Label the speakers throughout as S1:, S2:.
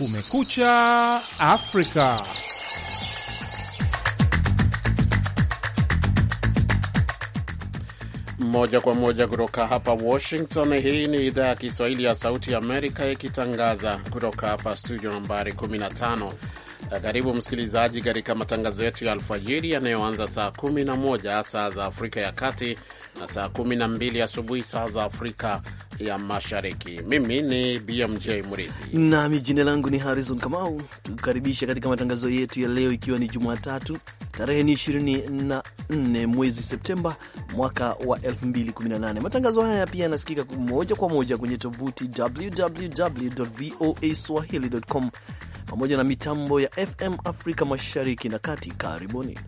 S1: Kumekucha Afrika. Moja kwa moja kutoka hapa Washington. Hii ni idhaa ya Kiswahili ya Sauti ya Amerika ikitangaza kutoka hapa studio nambari 15. Karibu msikilizaji, katika matangazo yetu ya alfajiri yanayoanza saa 11 saa za Afrika ya Kati na saa 12 asubuhi saa za Afrika ya Mashariki. Mimi ni BMJ Mridhi
S2: nami jina langu ni Harrison Kamau, tukukaribisha katika matangazo yetu ya leo, ikiwa ni Jumatatu tarehe ni 24 mwezi Septemba mwaka wa 2018. Matangazo haya pia yanasikika moja kwa moja kwenye tovuti www voa swahili com pamoja na mitambo ya FM Afrika Mashariki na Kati.
S1: Karibuni.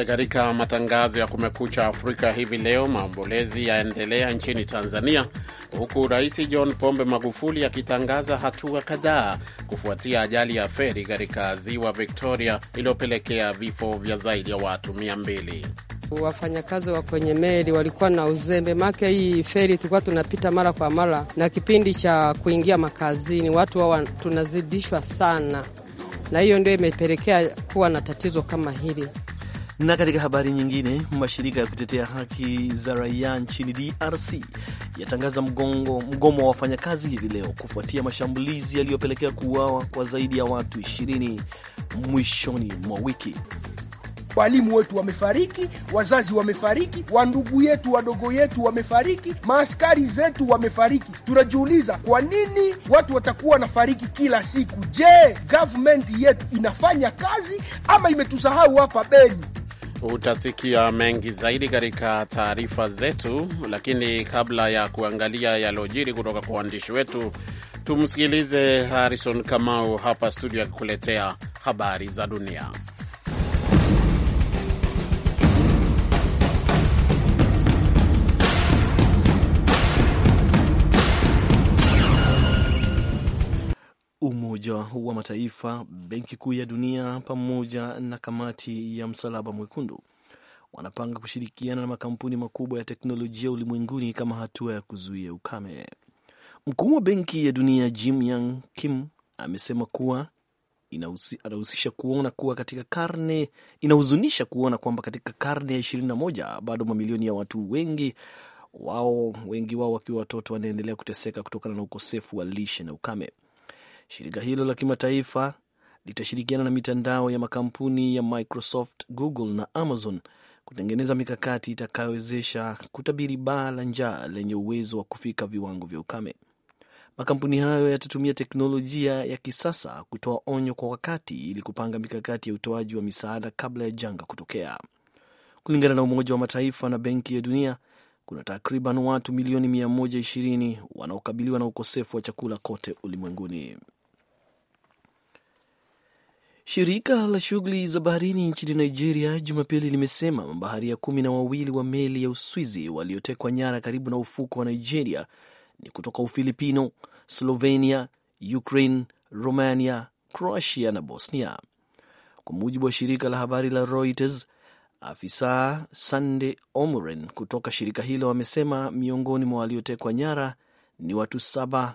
S1: E, katika matangazo ya Kumekucha Afrika hivi leo, maombolezi yaendelea nchini Tanzania, huku Rais John Pombe Magufuli akitangaza hatua kadhaa kufuatia ajali ya feri katika ziwa Victoria iliyopelekea vifo vya zaidi ya watu mia mbili. Wafanyakazi wa kwenye meli walikuwa na uzembe, make hii feri tulikuwa tunapita mara kwa mara, na kipindi cha kuingia makazini watu hawa tunazidishwa sana, na hiyo ndio imepelekea kuwa na tatizo kama hili.
S2: Na katika habari nyingine, mashirika ya kutetea haki za raia nchini DRC yatangaza mgongo, mgomo wa wafanyakazi hivi leo kufuatia mashambulizi yaliyopelekea kuuawa kwa zaidi ya watu 20 mwishoni mwa wiki.
S3: Walimu wetu wamefariki, wazazi wamefariki, wandugu yetu wadogo yetu wamefariki, maaskari zetu wamefariki. Tunajiuliza, kwa nini watu watakuwa wanafariki kila siku? Je, gavmenti yetu inafanya kazi ama imetusahau hapa Beni?
S1: Utasikia mengi zaidi katika taarifa zetu, lakini kabla ya kuangalia yaliojiri kutoka kwa waandishi wetu, tumsikilize Harrison Kamau hapa studio akikuletea habari za dunia.
S2: Umoja wa Mataifa, Benki Kuu ya Dunia pamoja na Kamati ya Msalaba Mwekundu wanapanga kushirikiana na makampuni makubwa ya teknolojia ulimwenguni kama hatua ya kuzuia ukame. Mkuu wa Benki ya Dunia Jim Yang Kim amesema kuwa inahusisha kuona kuwa katika karne inahuzunisha kuona kwamba katika karne ya moja bado mamilioni ya watu wengi wao wengi wao wakiwa watoto wanaendelea kuteseka kutokana na ukosefu wa lishe na ukame. Shirika hilo la kimataifa litashirikiana na mitandao ya makampuni ya Microsoft, Google na Amazon kutengeneza mikakati itakayowezesha kutabiri baa la njaa lenye uwezo wa kufika viwango vya ukame. Makampuni hayo yatatumia teknolojia ya kisasa kutoa onyo kwa wakati ili kupanga mikakati ya utoaji wa misaada kabla ya janga kutokea. Kulingana na Umoja wa Mataifa na Benki ya Dunia, kuna takriban watu milioni 120 wanaokabiliwa na ukosefu wa chakula kote ulimwenguni. Shirika la shughuli za baharini nchini Nigeria Jumapili limesema mabaharia kumi na wawili wa meli ya Uswizi waliotekwa nyara karibu na ufuko wa Nigeria ni kutoka Ufilipino, Slovenia, Ukraine, Romania, Croatia na Bosnia, kwa mujibu wa shirika la habari la Reuters. Afisa Sande Omuren kutoka shirika hilo amesema miongoni mwa waliotekwa nyara ni watu saba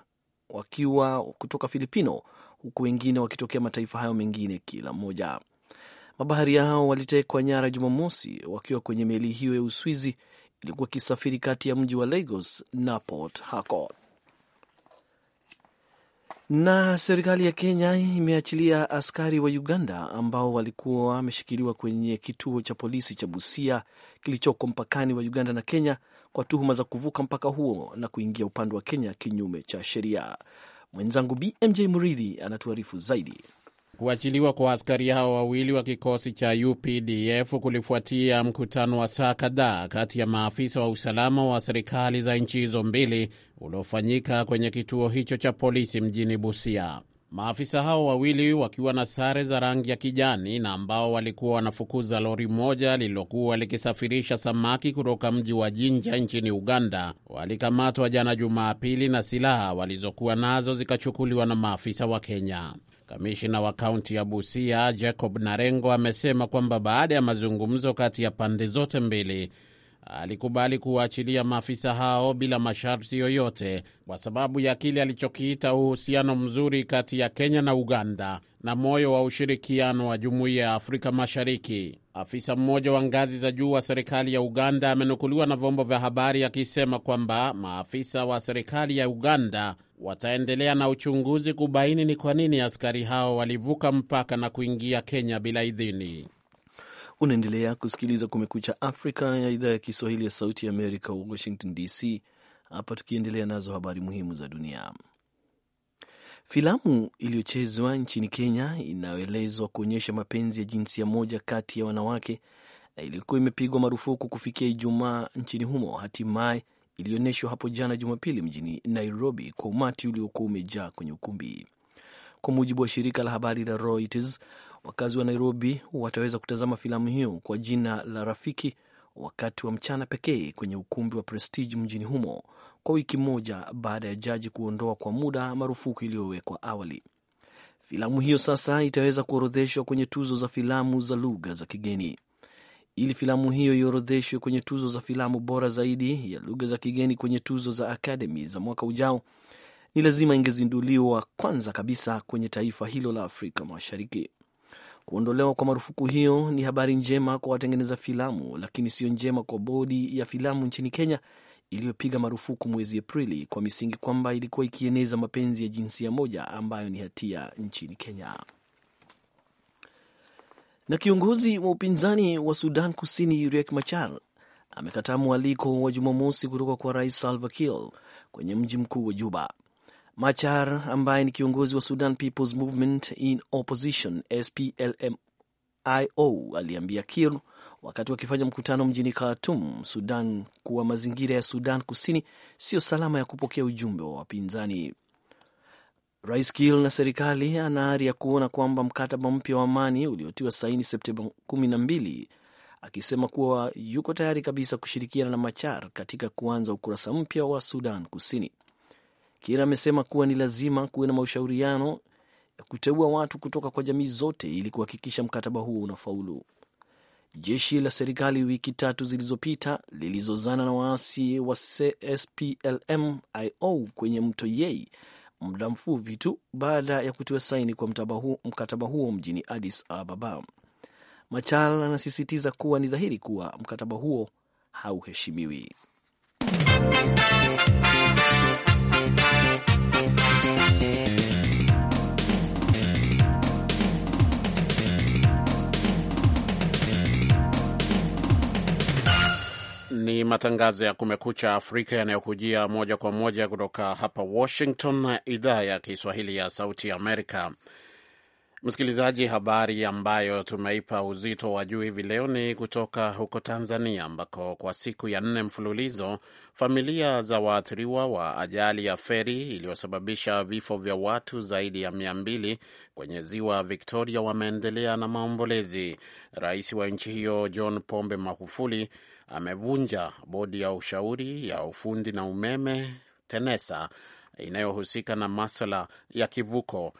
S2: wakiwa kutoka Filipino huku wengine wakitokea mataifa hayo mengine kila mmoja. Mabaharia hao walitekwa nyara Jumamosi wakiwa kwenye meli hiyo ya Uswizi ilikuwa ikisafiri kati ya mji wa Lagos na Port Harcourt. Na serikali ya Kenya imeachilia askari wa Uganda ambao walikuwa wameshikiliwa kwenye kituo cha polisi cha Busia kilichoko mpakani wa Uganda na Kenya kwa tuhuma za kuvuka mpaka huo na kuingia upande wa Kenya kinyume cha sheria. Mwenzangu BMJ Muridhi
S1: anatuarifu zaidi. Kuachiliwa kwa askari hao wawili wa kikosi cha UPDF kulifuatia mkutano wa saa kadhaa kati ya maafisa wa usalama wa serikali za nchi hizo mbili uliofanyika kwenye kituo hicho cha polisi mjini Busia. Maafisa hao wawili wakiwa na sare za rangi ya kijani na ambao walikuwa wanafukuza lori moja lililokuwa likisafirisha samaki kutoka mji wa Jinja nchini Uganda walikamatwa jana Jumapili na silaha walizokuwa nazo zikachukuliwa na maafisa wa Kenya. Kamishina wa kaunti ya Busia Jacob Narengo amesema kwamba baada ya mazungumzo kati ya pande zote mbili alikubali kuwaachilia maafisa hao bila masharti yoyote kwa sababu ya kile alichokiita uhusiano mzuri kati ya Kenya na Uganda na moyo wa ushirikiano wa Jumuiya ya Afrika Mashariki. Afisa mmoja wa ngazi za juu wa serikali ya Uganda amenukuliwa na vyombo vya habari akisema kwamba maafisa wa serikali ya Uganda wataendelea na uchunguzi kubaini ni kwa nini askari hao walivuka mpaka na kuingia Kenya bila idhini.
S2: Unaendelea kusikiliza Kumekucha Afrika ya idhaa ya Kiswahili ya Sauti ya Amerika, Washington DC. Hapa tukiendelea nazo habari muhimu za dunia. Filamu iliyochezwa nchini Kenya inayoelezwa kuonyesha mapenzi ya jinsia moja kati ya wanawake na iliyokuwa imepigwa marufuku kufikia Ijumaa nchini humo, hatimaye ilionyeshwa hapo jana Jumapili mjini Nairobi kwa umati uliokuwa umejaa kwenye ukumbi. Kwa mujibu wa shirika la habari la Reuters, Wakazi wa Nairobi wataweza kutazama filamu hiyo kwa jina la Rafiki wakati wa mchana pekee kwenye ukumbi wa Prestige mjini humo kwa wiki moja baada ya jaji kuondoa kwa muda marufuku iliyowekwa awali. Filamu hiyo sasa itaweza kuorodheshwa kwenye tuzo za filamu za lugha za kigeni. Ili filamu hiyo iorodheshwe kwenye tuzo za filamu bora zaidi ya lugha za kigeni kwenye tuzo za Academy za mwaka ujao, ni lazima ingezinduliwa kwanza kabisa kwenye taifa hilo la Afrika Mashariki. Kuondolewa kwa marufuku hiyo ni habari njema kwa watengeneza filamu, lakini siyo njema kwa bodi ya filamu nchini Kenya iliyopiga marufuku mwezi Aprili kwa misingi kwamba ilikuwa ikieneza mapenzi ya jinsia moja ambayo ni hatia nchini Kenya. Na
S3: kiongozi
S2: wa upinzani wa Sudan Kusini Riek Machar amekataa mwaliko wa Jumamosi kutoka kwa Rais Salva Kiir kwenye mji mkuu wa Juba. Machar ambaye ni kiongozi wa Sudan People's Movement in Opposition SPLMIO aliambia Kir wakati wakifanya mkutano mjini Khartum, Sudan, kuwa mazingira ya Sudan Kusini siyo salama ya kupokea ujumbe wa wapinzani. Rais Kir na serikali ana ari ya kuona kwamba mkataba mpya wa amani uliotiwa saini Septemba 12 akisema kuwa yuko tayari kabisa kushirikiana na Machar katika kuanza ukurasa mpya wa Sudan Kusini. Kira amesema kuwa ni lazima kuwe na mashauriano ya kuteua watu kutoka kwa jamii zote ili kuhakikisha mkataba huo unafaulu. Jeshi la serikali wiki tatu zilizopita lilizozana na waasi wa SPLM-IO kwenye mto Yei muda mfupi tu baada ya kutiwa saini kwa hu, mkataba huo mjini Addis Ababa. Machar anasisitiza kuwa ni dhahiri kuwa mkataba huo hauheshimiwi.
S1: Ni matangazo ya Kumekucha Afrika yanayokujia moja kwa moja kutoka hapa Washington, idhaa ya Kiswahili ya Sauti ya Amerika. Msikilizaji, habari ambayo tumeipa uzito wa juu hivi leo ni kutoka huko Tanzania, ambako kwa siku ya nne mfululizo familia za waathiriwa wa ajali ya feri iliyosababisha vifo vya watu zaidi ya mia mbili kwenye ziwa Victoria wameendelea na maombolezi. Rais wa nchi hiyo John Pombe Magufuli amevunja bodi ya ushauri ya ufundi na umeme TENESA inayohusika na maswala ya kivuko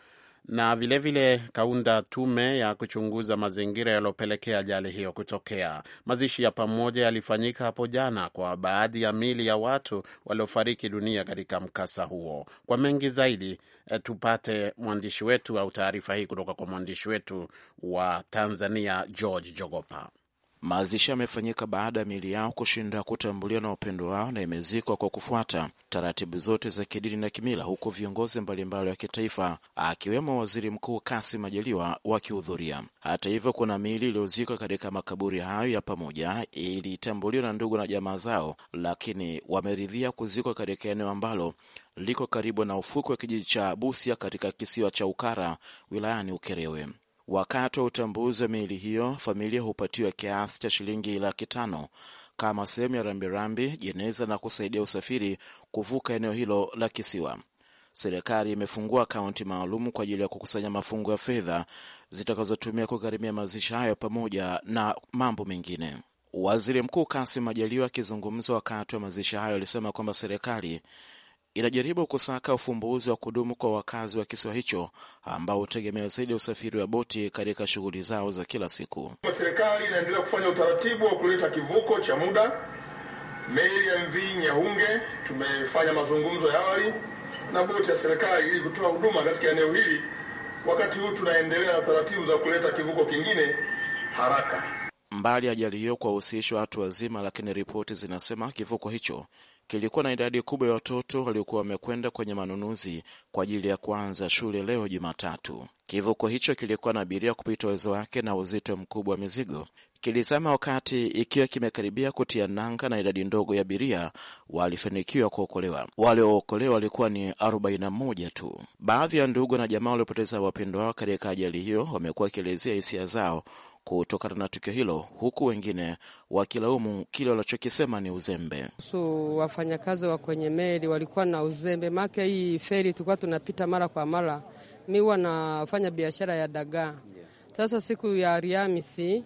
S1: na vilevile vile kaunda tume ya kuchunguza mazingira yaliyopelekea ajali hiyo kutokea. Mazishi ya pamoja yalifanyika hapo jana kwa baadhi ya mili ya watu waliofariki dunia katika mkasa huo. Kwa mengi zaidi, eh, tupate mwandishi wetu au taarifa hii kutoka kwa mwandishi wetu wa Tanzania, George Jogopa. Mazishi yamefanyika baada ya miili yao kushindwa kutambuliwa na upendo wao na
S3: imezikwa kwa kufuata taratibu zote za kidini na kimila, huku viongozi mbalimbali wa kitaifa akiwemo Waziri Mkuu Kassim Majaliwa wakihudhuria. Hata hivyo, kuna miili iliyozikwa katika makaburi hayo ya pamoja, ilitambuliwa na ndugu na jamaa zao, lakini wameridhia kuzikwa katika eneo ambalo liko karibu na ufukwe wa kijiji cha Busia katika kisiwa cha Ukara wilayani Ukerewe. Wakati wa utambuzi wa miili hiyo, familia hupatiwa kiasi cha shilingi laki tano kama sehemu ya rambirambi, jeneza na kusaidia usafiri kuvuka eneo hilo la kisiwa. Serikali imefungua akaunti maalum kwa ajili ya kukusanya mafungo ya fedha zitakazotumia kugharimia mazishi hayo pamoja na mambo mengine. Waziri Mkuu Kassim Majaliwa akizungumza wakati wa mazishi hayo alisema kwamba serikali inajaribu kusaka ufumbuzi wa kudumu kwa wakazi wa kisiwa hicho ambao hutegemea zaidi usafiri wa boti katika shughuli zao za kila siku. Serikali inaendelea kufanya utaratibu wa kuleta kivuko cha muda meli ya MV
S2: Nyahunge. Tumefanya mazungumzo ya awali na boti ya serikali ili kutoa huduma katika
S3: eneo hili. Wakati huu tunaendelea na taratibu za kuleta kivuko kingine haraka. Mbali ajali hiyo kuwahusishwa watu wazima, lakini ripoti zinasema kivuko hicho kilikuwa na idadi kubwa ya watoto waliokuwa wamekwenda kwenye manunuzi kwa ajili ya kuanza shule leo Jumatatu. Kivuko hicho kilikuwa na abiria kupita uwezo wake na uzito mkubwa wa mizigo kilizama wakati ikiwa kimekaribia kutia nanga, na idadi ndogo ya abiria walifanikiwa kuokolewa. Waliookolewa walikuwa ni 41 tu. Baadhi ya ndugu na jamaa waliopoteza wapendwa wao katika ajali hiyo wamekuwa wakielezea hisia zao kutokana na tukio hilo, huku wengine wakilaumu kile wanachokisema ni uzembe.
S1: So wafanyakazi wa kwenye meli walikuwa na uzembe, make hii feri tulikuwa tunapita mara kwa mara. Mi huwa nafanya biashara ya dagaa. Sasa siku ya Alhamisi,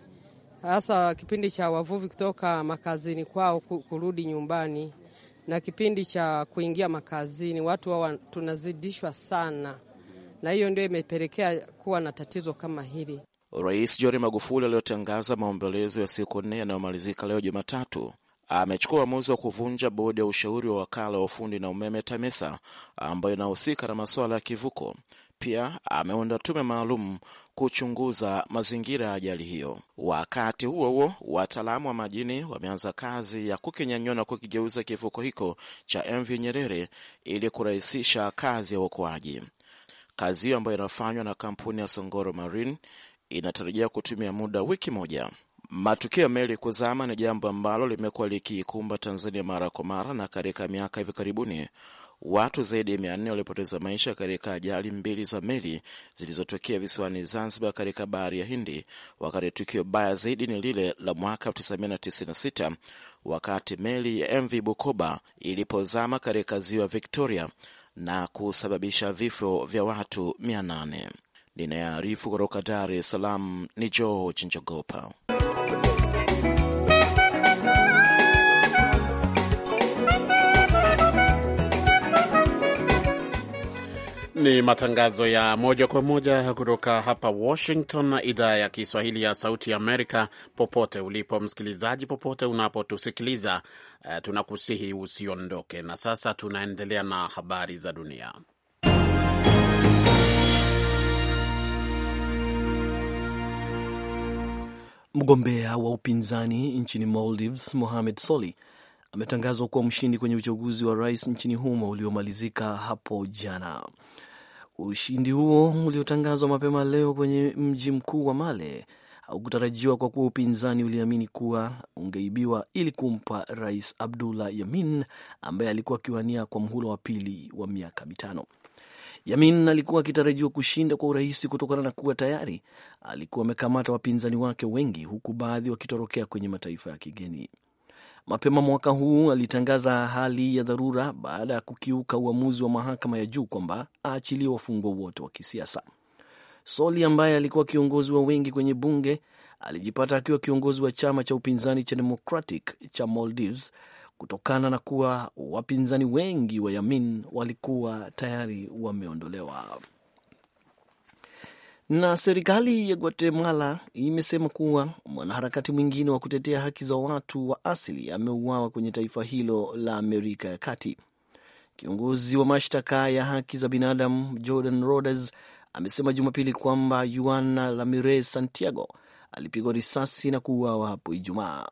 S1: hasa kipindi cha wavuvi kutoka makazini kwao kurudi nyumbani na kipindi cha kuingia makazini, watu hawa tunazidishwa sana, na hiyo ndio imepelekea kuwa na tatizo kama hili.
S3: Rais John Magufuli aliyotangaza maombolezo ya siku nne yanayomalizika leo Jumatatu amechukua uamuzi wa kuvunja bodi ya ushauri wa wakala wa ufundi na umeme TAMESA ambayo inahusika na masuala ya kivuko. Pia ameunda tume maalum kuchunguza mazingira ya ajali hiyo. Wakati huo huo, wataalamu wa majini wameanza kazi ya kukinyanyua na kukigeuza kivuko hiko cha MV Nyerere ili kurahisisha kazi ya uokoaji. Kazi hiyo ambayo inafanywa na kampuni ya Songoro Marine inatarajia kutumia muda wiki moja. Matukio ya meli kuzama ni jambo ambalo limekuwa likiikumba Tanzania mara kwa mara, na katika miaka hivi karibuni watu zaidi ya mia nne walipoteza maisha katika ajali mbili za meli zilizotokea visiwani Zanzibar katika bahari ya Hindi, wakati tukio baya zaidi ni lile la mwaka 1996 wakati meli ya MV Bukoba ilipozama katika ziwa Victoria na kusababisha vifo vya watu nane. Ninayearifu kutoka Dar es Salaam ni George Njogopa.
S1: Ni matangazo ya moja kwa moja kutoka hapa Washington na idhaa ya Kiswahili ya Sauti Amerika. Popote ulipo msikilizaji, popote unapotusikiliza, uh, tunakusihi usiondoke. Na sasa tunaendelea na habari za dunia.
S2: Mgombea wa upinzani nchini Maldives, Mohamed Soli, ametangazwa kuwa mshindi kwenye uchaguzi wa rais nchini humo uliomalizika hapo jana. Ushindi huo uliotangazwa mapema leo kwenye mji mkuu wa Male haukutarajiwa kwa kuwa upinzani uliamini kuwa ungeibiwa ili kumpa rais Abdullah Yamin ambaye alikuwa akiwania kwa mhula wa pili wa miaka mitano. Yamin alikuwa akitarajiwa kushinda kwa urahisi kutokana na kuwa tayari alikuwa amekamata wapinzani wake wengi, huku baadhi wakitorokea kwenye mataifa ya kigeni. Mapema mwaka huu alitangaza hali ya dharura baada ya kukiuka uamuzi wa mahakama ya juu kwamba aachilie wafungwa wote wa kisiasa. Soli ambaye alikuwa kiongozi wa wengi kwenye bunge alijipata akiwa kiongozi wa chama cha upinzani cha Democratic cha Maldives kutokana na kuwa wapinzani wengi wa Yamin walikuwa tayari wameondolewa. Na serikali ya Guatemala imesema kuwa mwanaharakati mwingine wa kutetea haki za watu wa asili ameuawa kwenye taifa hilo la Amerika ya Kati. Kiongozi wa mashtaka ya haki za binadamu Jordan Rodes amesema Jumapili kwamba Juana Ramirez Santiago alipigwa risasi na kuuawa hapo Ijumaa.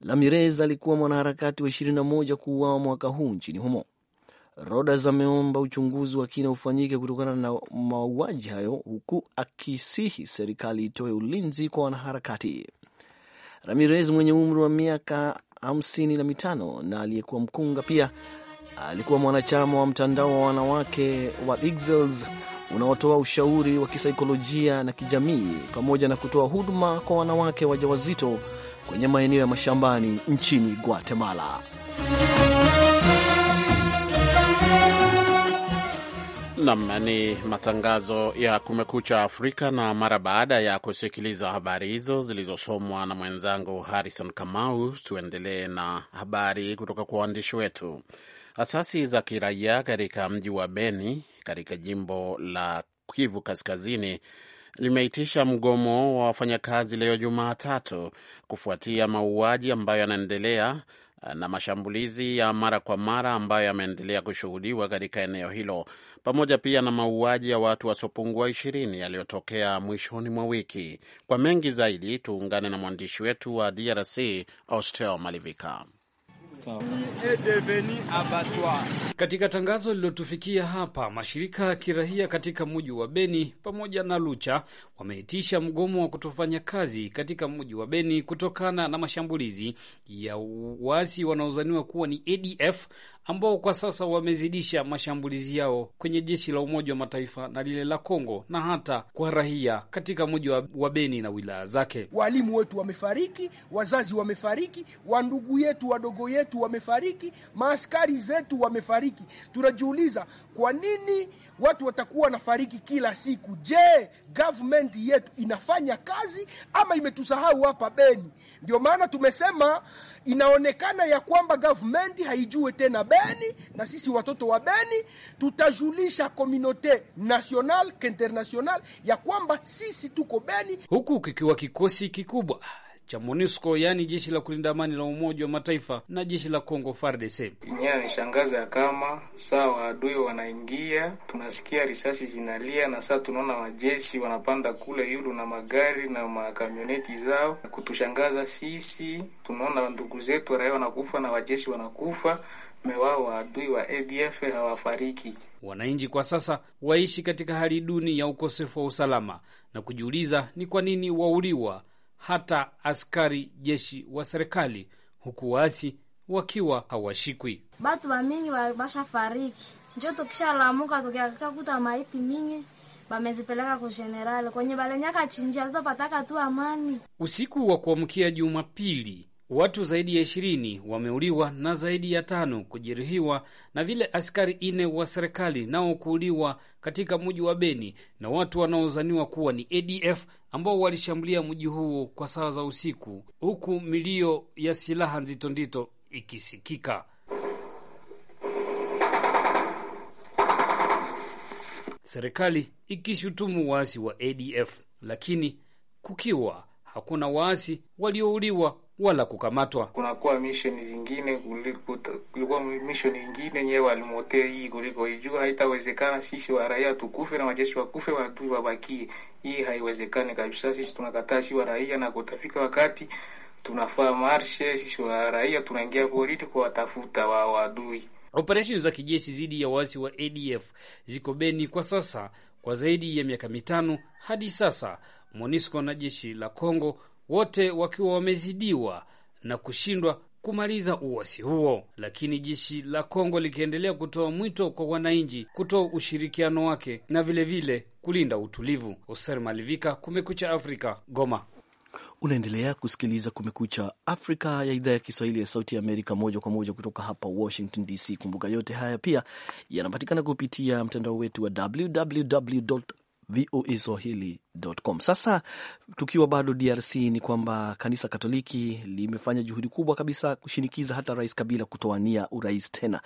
S2: Ramirez alikuwa mwanaharakati wa 21 kuuawa mwaka huu nchini humo. Rodas ameomba uchunguzi wa kina ufanyike kutokana na mauaji hayo, huku akisihi serikali itoe ulinzi kwa wanaharakati. Ramirez mwenye umri wa miaka hamsini na mitano na aliyekuwa mkunga pia alikuwa mwanachama wa mtandao wa wanawake wa Ixels unaotoa ushauri wa kisaikolojia na kijamii pamoja na kutoa huduma kwa wanawake wajawazito kwenye maeneo ya mashambani nchini Guatemala.
S1: Nam ni matangazo ya Kumekucha Afrika. Na mara baada ya kusikiliza habari hizo zilizosomwa na mwenzangu Harrison Kamau, tuendelee na habari kutoka kwa waandishi wetu. Asasi za kiraia katika mji wa Beni katika jimbo la Kivu Kaskazini limeitisha mgomo wa wafanyakazi leo Jumatatu kufuatia mauaji ambayo yanaendelea eh, na mashambulizi ya mara kwa mara ambayo yameendelea kushuhudiwa katika eneo hilo, pamoja pia na mauaji ya watu wasiopungua ishirini yaliyotokea mwishoni mwa wiki. Kwa mengi zaidi, tuungane na mwandishi wetu wa DRC Austel Malivika.
S4: Katika tangazo lililotufikia hapa, mashirika ya kiraia katika muji wa Beni pamoja na Lucha wameitisha mgomo wa kutofanya kazi katika muji wa Beni kutokana na mashambulizi ya waasi wanaozaniwa kuwa ni ADF ambao kwa sasa wamezidisha mashambulizi yao kwenye jeshi la Umoja wa Mataifa na lile la Kongo na hata kwa raia katika muji wa Beni na wilaya zake.
S3: Walimu wetu wamefariki, wazazi wamefariki, wandugu yetu, wadogo yetu wetu wamefariki, maaskari zetu wamefariki. Tunajiuliza kwa nini watu watakuwa wanafariki kila siku? Je, government yetu inafanya kazi ama imetusahau hapa Beni? Ndio maana tumesema inaonekana ya kwamba government haijue tena Beni, na sisi watoto wa Beni tutajulisha komunote national kinternational ya kwamba sisi tuko Beni,
S4: huku kikiwa kikosi kikubwa cha MONUSCO, yaani jeshi la kulinda amani la Umoja wa Mataifa na jeshi la Kongo FARDC.
S3: Enyewe anishangaza kama saa waadui wanaingia, tunasikia risasi zinalia, na saa tunaona majeshi wanapanda kule yulu na magari na makamioneti zao, na kutushangaza sisi, tunaona ndugu zetu raia wanakufa na wajeshi wanakufa mewao waadui wa ADF hawafariki.
S4: Wananchi kwa sasa waishi katika hali duni ya ukosefu wa usalama na kujiuliza ni kwa nini wauliwa hata askari jeshi wa serikali, huku waasi wakiwa hawashikwi. Batu bamingi bashafariki, njo tukishalamuka tukiakaa kuta maiti mingi bamezipeleka ku jenerali kwenye balenyaka chinjia zitopataka tu amani. Usiku wa kuamkia Jumapili Watu zaidi ya ishirini wameuliwa na zaidi ya tano kujeruhiwa na vile askari ine wa serikali nao kuuliwa katika mji wa Beni na watu wanaozaniwa kuwa ni ADF ambao walishambulia mji huo kwa saa za usiku, huku milio ya silaha nzito nzito ikisikika. Serikali ikishutumu waasi wa ADF lakini kukiwa hakuna waasi waliouliwa wala kukamatwa.
S1: Kunakuwa misheni zingine, kulikuwa
S3: misheni ingine nyewe walimotea hii kuliko ijua, haitawezekana sisi wa raia tukufe na majeshi wakufe, watu wabakie. Hii haiwezekani kabisa. Sisi tunakataa, si wa raia, na kutafika wakati tunafaa marshe. Sisi wa raia tunaingia porini kuwatafuta wa
S4: wadui. Operesheni za kijeshi dhidi ya waasi wa ADF ziko Beni kwa sasa kwa zaidi ya miaka mitano hadi sasa MONUSCO na jeshi la congo wote wakiwa wamezidiwa na kushindwa kumaliza uwasi huo, lakini jeshi la Kongo likiendelea kutoa mwito kwa wananchi kutoa ushirikiano wake na vilevile vile kulinda utulivu. Oser Malivika, Kumekucha Afrika, Goma.
S2: Unaendelea kusikiliza Kumekucha Afrika ya idhaa ya Kiswahili ya Sauti ya Amerika, moja kwa moja kutoka hapa Washington DC. Kumbuka yote haya pia yanapatikana kupitia mtandao wetu wa www voa swahili Com. Sasa tukiwa bado DRC ni kwamba kanisa Katoliki limefanya juhudi kubwa kabisa kushinikiza hata Rais Kabila kutoania urais tena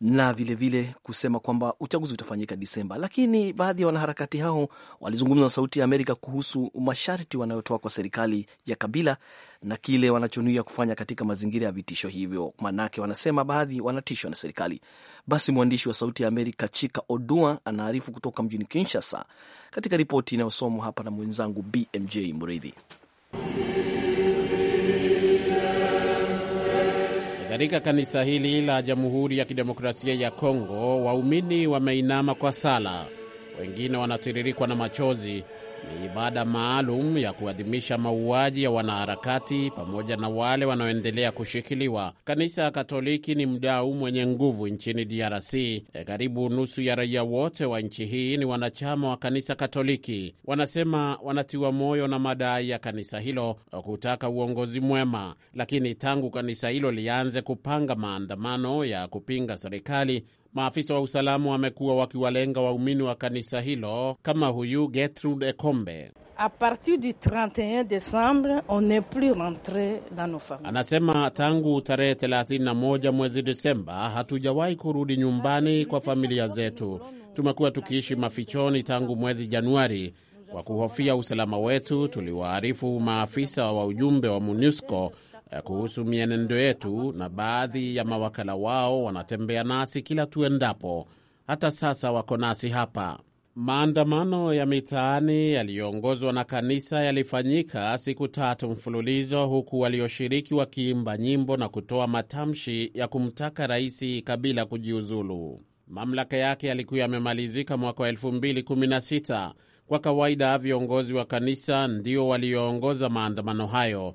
S2: na vilevile vile kusema kwamba uchaguzi utafanyika Disemba, lakini baadhi ya wanaharakati hao walizungumza na Sauti ya Amerika kuhusu masharti wanayotoa kwa serikali ya Kabila na kile wanachonuia kufanya katika mazingira ya vitisho hivyo, manake wanasema baadhi wanatishwa na serikali. Basi mwandishi wa Sauti ya Amerika Chika Odua anaarifu kutoka mjini Kinshasa katika ripoti inayosomwa hapa na mwenzangu BMJ Mridhi.
S1: Katika kanisa hili la Jamhuri ya Kidemokrasia ya Kongo, waumini wameinama kwa sala, wengine wanatiririkwa na machozi ni ibada maalum ya kuadhimisha mauaji ya wanaharakati pamoja na wale wanaoendelea kushikiliwa. Kanisa Katoliki ni mdau mwenye nguvu nchini DRC. E, karibu nusu ya raia wote wa nchi hii ni wanachama wa kanisa Katoliki. Wanasema wanatiwa moyo na madai ya kanisa hilo kutaka uongozi mwema, lakini tangu kanisa hilo lianze kupanga maandamano ya kupinga serikali Maafisa wa usalama wamekuwa wakiwalenga waumini wa kanisa hilo kama huyu Gertrude Ekombe.
S5: A partir du 31 décembre, on n'est plus dans nos familles.
S1: Anasema tangu tarehe 31 mwezi Desemba hatujawahi kurudi nyumbani kwa familia zetu. Tumekuwa tukiishi mafichoni tangu mwezi Januari. Kwa kuhofia usalama wetu, tuliwaarifu maafisa wa ujumbe wa MONUSCO Eh, kuhusu mienendo yetu, na baadhi ya mawakala wao wanatembea nasi kila tuendapo. Hata sasa wako nasi hapa. Maandamano ya mitaani yaliyoongozwa na kanisa yalifanyika siku tatu mfululizo, huku walioshiriki wakiimba nyimbo na kutoa matamshi ya kumtaka Rais Kabila kujiuzulu. Mamlaka yake yalikuwa yamemalizika mwaka wa 2016. Kwa kawaida viongozi wa kanisa ndio walioongoza maandamano hayo,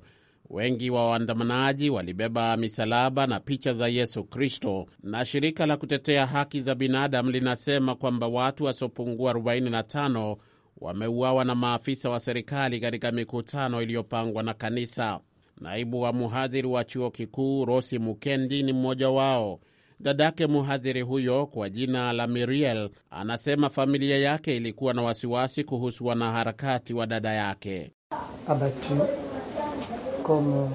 S1: Wengi wa waandamanaji walibeba misalaba na picha za Yesu Kristo, na shirika la kutetea haki za binadamu linasema kwamba watu wasiopungua 45 wameuawa na maafisa wa serikali katika mikutano iliyopangwa na kanisa. Naibu wa mhadhiri wa chuo kikuu Rosi Mukendi ni mmoja wao. Dadake mhadhiri huyo kwa jina la Miriel anasema familia yake ilikuwa na wasiwasi kuhusu wanaharakati wa dada yake Abatu comme,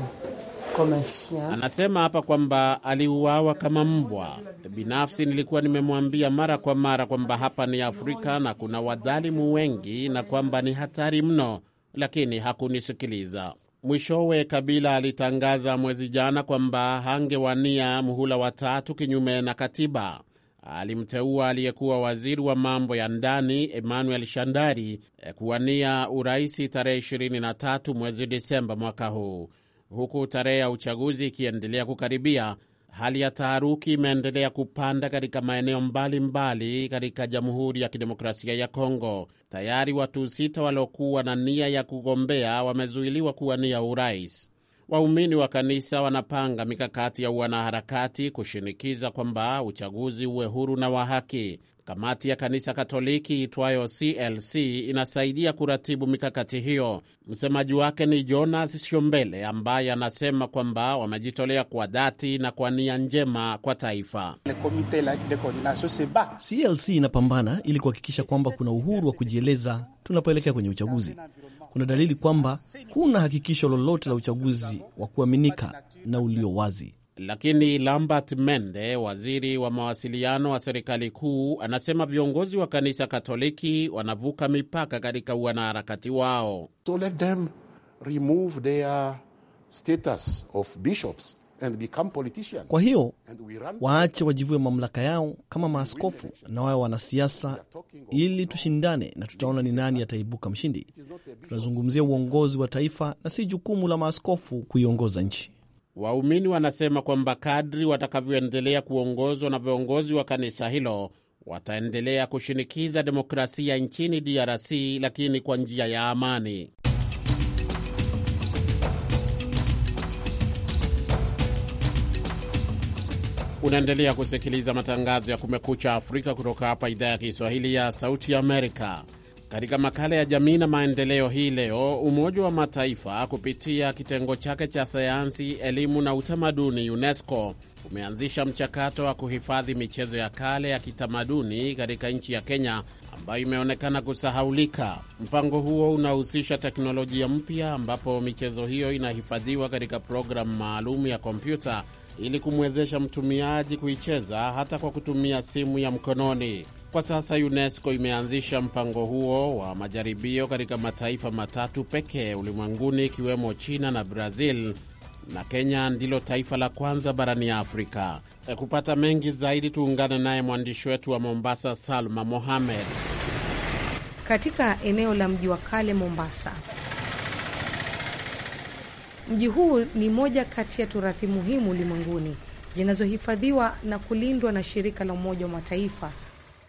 S1: comme un chien. Anasema hapa kwamba aliuawa kama mbwa. Binafsi nilikuwa nimemwambia mara kwa mara kwamba hapa ni Afrika na kuna wadhalimu wengi na kwamba ni hatari mno, lakini hakunisikiliza. Mwishowe Kabila alitangaza mwezi jana kwamba hangewania muhula watatu kinyume na katiba alimteua aliyekuwa waziri wa mambo ya ndani Emmanuel Shandari eh, kuwania uraisi tarehe 23 mwezi Disemba mwaka huu. Huku tarehe ya uchaguzi ikiendelea kukaribia, hali ya taharuki imeendelea kupanda katika maeneo mbalimbali katika Jamhuri ya Kidemokrasia ya Kongo. Tayari watu sita waliokuwa na nia ya kugombea wamezuiliwa kuwania urais. Waumini wa kanisa wanapanga mikakati ya wanaharakati kushinikiza kwamba uchaguzi uwe huru na wa haki. Kamati ya kanisa Katoliki itwayo CLC inasaidia kuratibu mikakati hiyo. Msemaji wake ni Jonas Shombele ambaye anasema kwamba wamejitolea kwa dhati na kwa nia njema kwa taifa.
S2: CLC inapambana ili kuhakikisha kwamba kuna uhuru wa kujieleza tunapoelekea kwenye uchaguzi kuna dalili kwamba kuna hakikisho lolote la uchaguzi wa kuaminika na ulio wazi.
S1: Lakini Lambert Mende, waziri wa mawasiliano wa serikali kuu, anasema viongozi wa kanisa Katoliki wanavuka mipaka katika wanaharakati wao. So let them remove their status of bishops kwa hiyo
S2: waache wajivue mamlaka yao kama maaskofu na wawe wanasiasa, ili tushindane na tutaona ni nani ataibuka mshindi. Tunazungumzia uongozi wa taifa na si jukumu la maaskofu kuiongoza nchi.
S1: Waumini wanasema kwamba kadri watakavyoendelea kuongozwa na viongozi wa kanisa hilo wataendelea kushinikiza demokrasia nchini DRC, lakini kwa njia ya amani. Unaendelea kusikiliza matangazo ya Kumekucha Afrika kutoka hapa idhaa ya Kiswahili ya Sauti Amerika. Katika makala ya jamii na maendeleo hii leo, Umoja wa Mataifa kupitia kitengo chake cha sayansi, elimu na utamaduni UNESCO umeanzisha mchakato wa kuhifadhi michezo ya kale ya kitamaduni katika nchi ya Kenya ambayo imeonekana kusahaulika. Mpango huo unahusisha teknolojia mpya, ambapo michezo hiyo inahifadhiwa katika programu maalum ya kompyuta ili kumwezesha mtumiaji kuicheza hata kwa kutumia simu ya mkononi. Kwa sasa UNESCO imeanzisha mpango huo wa majaribio katika mataifa matatu pekee ulimwenguni ikiwemo China na Brazil, na Kenya ndilo taifa la kwanza barani Afrika. Eh, kupata mengi zaidi, tuungane naye mwandishi wetu wa Mombasa, Salma Mohamed.
S5: Katika eneo la mji wa kale Mombasa, mji huu ni moja kati ya turathi muhimu ulimwenguni zinazohifadhiwa na kulindwa na shirika la Umoja wa Mataifa.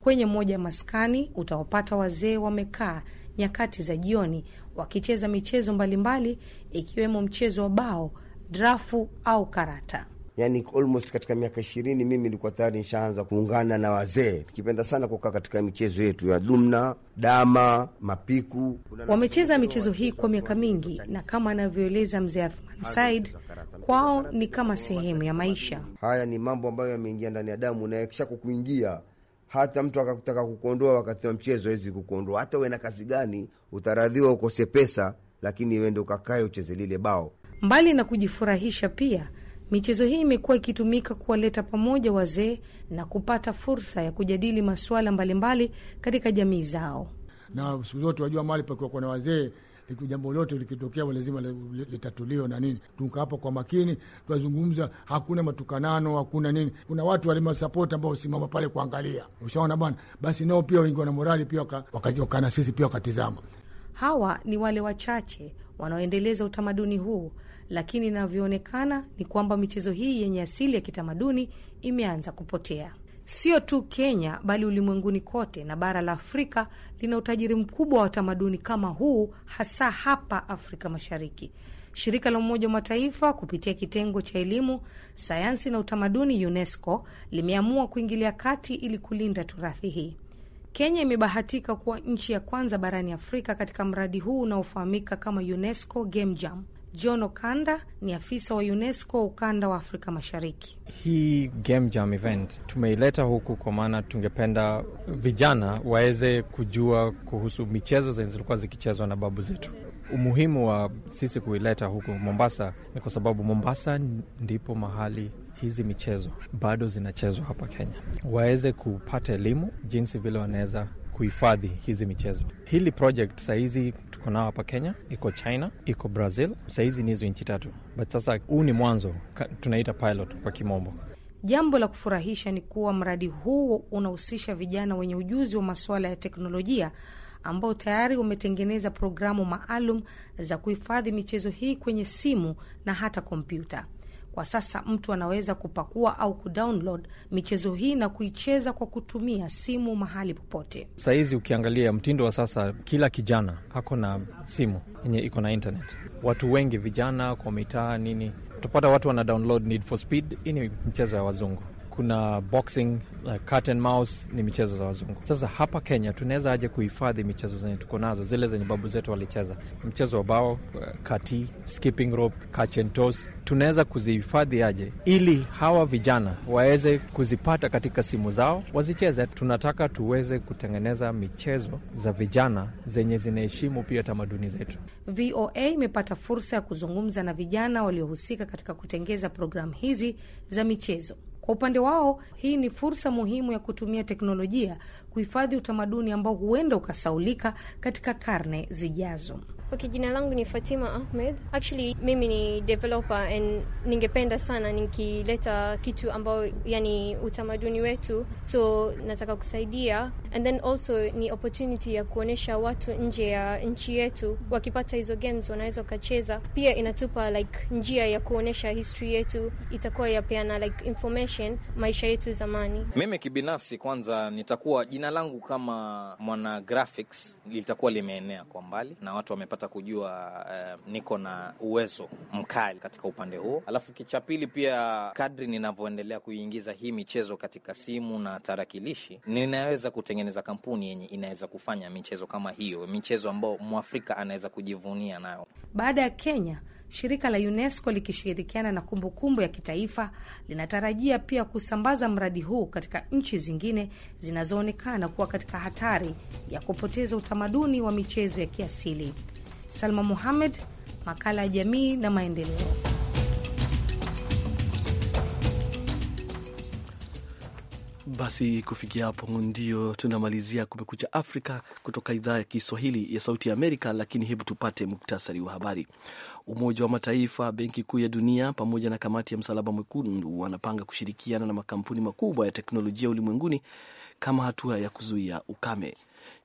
S5: Kwenye moja ya maskani utawapata wazee wamekaa nyakati za jioni wakicheza michezo mbalimbali ikiwemo mchezo wa bao, drafu au karata
S1: yani almost katika miaka ishirini mimi nilikuwa tayari nishaanza kuungana na wazee, tukipenda sana kukaa katika michezo yetu ya dumna, dama, mapiku.
S5: Wamecheza michezo hii kwa miaka mingi, na kama anavyoeleza mzee Athman Said, kwao ni kama sehemu ya maisha.
S1: Haya ni mambo ambayo yameingia ndani ya damu na yakisha kukuingia hata mtu akakutaka kukuondoa wakati wa mchezo hawezi kukuondoa. Hata uwe na kazi gani, utaradhiwa ukose pesa, lakini wende ukakae ucheze lile bao.
S5: Mbali na kujifurahisha, pia Michezo hii imekuwa ikitumika kuwaleta pamoja wazee na kupata fursa ya kujadili masuala mbalimbali katika jamii zao.
S4: Na siku zote wajua, mahali pakiwa kuna wazee jambo lote likitokea lazima litatuliwa na nini. Tuka hapa kwa makini, tuwazungumza hakuna matukanano, hakuna nini. Kuna watu walimasapoti ambao usimama pale kuangalia, ushaona bwana, basi nao pia wengi wana morali pia wakana sisi pia wakatizama.
S5: Hawa ni wale wachache wanaoendeleza utamaduni huu lakini inavyoonekana ni kwamba michezo hii yenye asili ya kitamaduni imeanza kupotea, sio tu Kenya bali ulimwenguni kote, na bara la Afrika lina utajiri mkubwa wa tamaduni kama huu, hasa hapa Afrika Mashariki. Shirika la Umoja wa Mataifa kupitia kitengo cha elimu, sayansi na utamaduni UNESCO limeamua kuingilia kati ili kulinda turathi hii. Kenya imebahatika kuwa nchi ya kwanza barani Afrika katika mradi huu unaofahamika kama UNESCO Game Jam. John Okanda ni afisa wa UNESCO ukanda wa Afrika Mashariki.
S6: Hii game jam event tumeileta huku kwa maana tungependa vijana waweze kujua kuhusu michezo zenye zilikuwa zikichezwa na babu zetu. Umuhimu wa sisi kuileta huku Mombasa ni kwa sababu Mombasa ndipo mahali hizi michezo bado zinachezwa hapa Kenya, waweze kupata elimu jinsi vile wanaweza kuhifadhi hizi michezo. Hili project sahizi tuko nao hapa Kenya, iko China, iko Brazil, sahizi ni hizo nchi tatu, but sasa huu ni mwanzo, tunaita pilot kwa kimombo.
S5: Jambo la kufurahisha ni kuwa mradi huu unahusisha vijana wenye ujuzi wa masuala ya teknolojia ambao tayari umetengeneza programu maalum za kuhifadhi michezo hii kwenye simu na hata kompyuta. Kwa sasa mtu anaweza kupakua au kudownload michezo hii na kuicheza kwa kutumia simu mahali popote.
S6: Sahizi ukiangalia mtindo wa sasa, kila kijana ako na simu yenye iko na internet. Watu wengi vijana kwa mitaa nini, utapata watu wana download Need for Speed. Hii ni mchezo ya wazungu kuna boxing, uh, cat and mouse ni michezo za wazungu. Sasa hapa Kenya tunaweza aje kuhifadhi michezo zenye tuko nazo, zile zenye babu zetu walicheza, mchezo wa bao, kati, uh, skipping rope, catch and toss, tunaweza kuzihifadhi aje ili hawa vijana waweze kuzipata katika simu zao wazicheze? Tunataka tuweze kutengeneza michezo za vijana zenye zinaheshimu pia tamaduni zetu.
S5: VOA imepata fursa ya kuzungumza na vijana waliohusika katika kutengeza programu hizi za michezo. Kwa upande wao, hii ni fursa muhimu ya kutumia teknolojia kuhifadhi utamaduni ambao huenda ukasaulika katika karne zijazo.
S6: Okay, jina langu ni Fatima Ahmed. Actually, mimi ni developer and ningependa sana nikileta kitu ambao yani utamaduni wetu. So nataka kusaidia and then also ni opportunity ya kuonesha watu nje ya nchi yetu, wakipata hizo games wanaweza wakacheza. Pia inatupa like njia ya kuonesha history yetu, itakuwa yapeana like information maisha yetu zamani.
S3: Mimi kibinafsi, kwanza nitakuwa jina langu kama mwana graphics
S2: litakuwa limeenea kwa mbali na watu wamepata kupata kujua eh, niko na uwezo mkali
S3: katika upande huo. Alafu kicha pili pia, kadri ninavyoendelea kuiingiza hii michezo katika simu na tarakilishi, ninaweza kutengeneza kampuni yenye inaweza kufanya michezo kama
S1: hiyo, michezo ambayo mwafrika anaweza kujivunia nayo.
S5: Baada ya Kenya, shirika la UNESCO likishirikiana na kumbukumbu kumbu ya kitaifa linatarajia pia kusambaza mradi huu katika nchi zingine zinazoonekana kuwa katika hatari ya kupoteza utamaduni wa michezo ya kiasili. Salma Muhamed, makala ya jamii na maendeleo.
S1: Basi
S2: kufikia hapo ndio tunamalizia Kumekucha Afrika kutoka idhaa ya Kiswahili ya Sauti ya Amerika. Lakini hebu tupate muktasari wa habari. Umoja wa Mataifa, Benki Kuu ya Dunia pamoja na Kamati ya Msalaba Mwekundu wanapanga kushirikiana na makampuni makubwa ya teknolojia ulimwenguni kama hatua ya kuzuia ukame.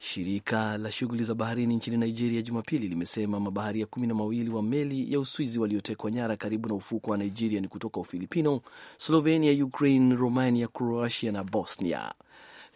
S2: Shirika la shughuli za baharini nchini Nigeria Jumapili limesema mabaharia kumi na mawili wa meli ya Uswizi waliotekwa nyara karibu na ufuko wa Nigeria ni kutoka Ufilipino, Slovenia, Ukraine, Romania, Croatia na Bosnia.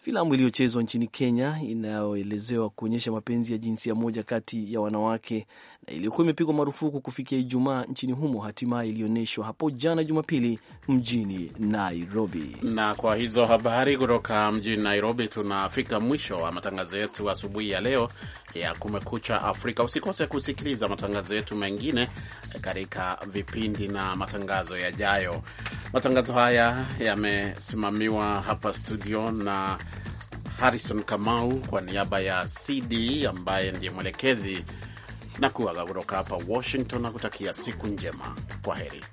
S2: Filamu iliyochezwa nchini Kenya inayoelezewa kuonyesha mapenzi ya jinsia moja kati ya wanawake na iliyokuwa imepigwa marufuku kufikia Ijumaa nchini humo hatimaye ilionyeshwa hapo jana Jumapili mjini Nairobi.
S1: Na kwa hizo habari kutoka mjini Nairobi, tunafika mwisho wa matangazo yetu asubuhi ya leo ya Kumekucha Afrika. Usikose kusikiliza matangazo yetu mengine katika vipindi na matangazo yajayo. Matangazo haya yamesimamiwa hapa studio na Harrison Kamau kwa niaba ya CD ambaye ndiye mwelekezi na kuaga kutoka hapa Washington na kutakia siku njema. Kwa heri.